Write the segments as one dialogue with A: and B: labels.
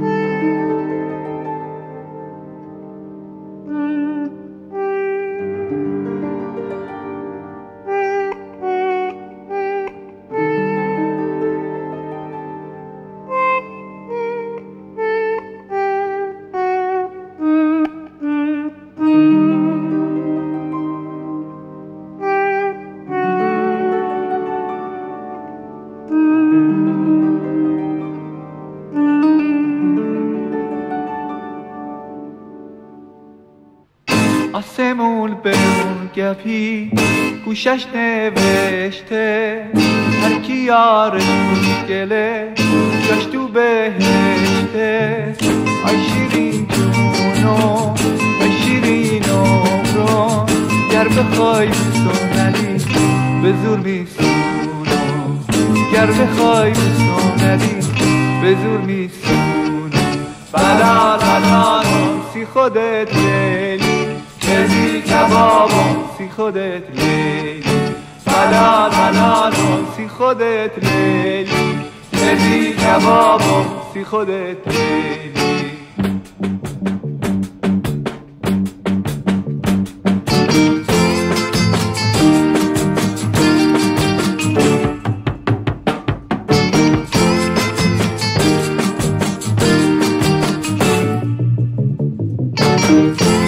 A: thank you آسمون به اون گپی گوشش نوشته هر کی یارش گله جاش تو بهشته آی شیرین جونو آی شیرین عمرو گر بخوای سونلی به زور میسونم گر بخوای سونلی به زور سی خودت دل بابا سی خودت لیلی فلان فلان سی خودت لیلی بدی کبابم سی خودت لیلی thank you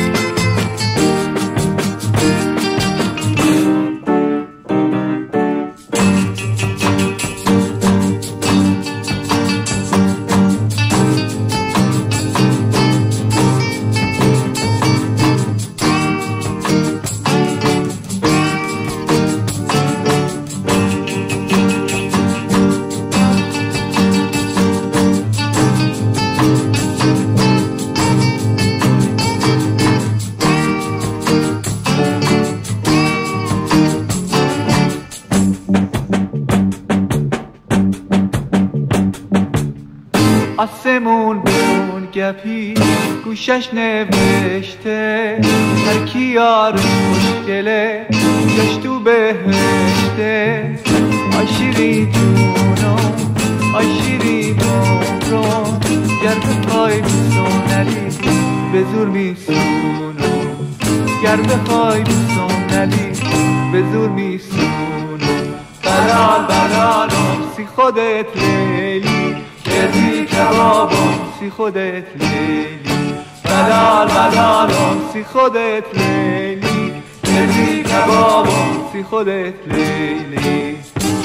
A: آسمون بون گپی گوشش نوشته هر کی گله گشت تو بهشته آشیری جونو آشیری بون گر به پای بیسون به زور میسونو گر به پای بیسون به زور میسونو بلال بلال خودت لیلی بابا سی خودت لیلی بدال بدال سی خودت لیلی بزی کباب سی خودت لیلی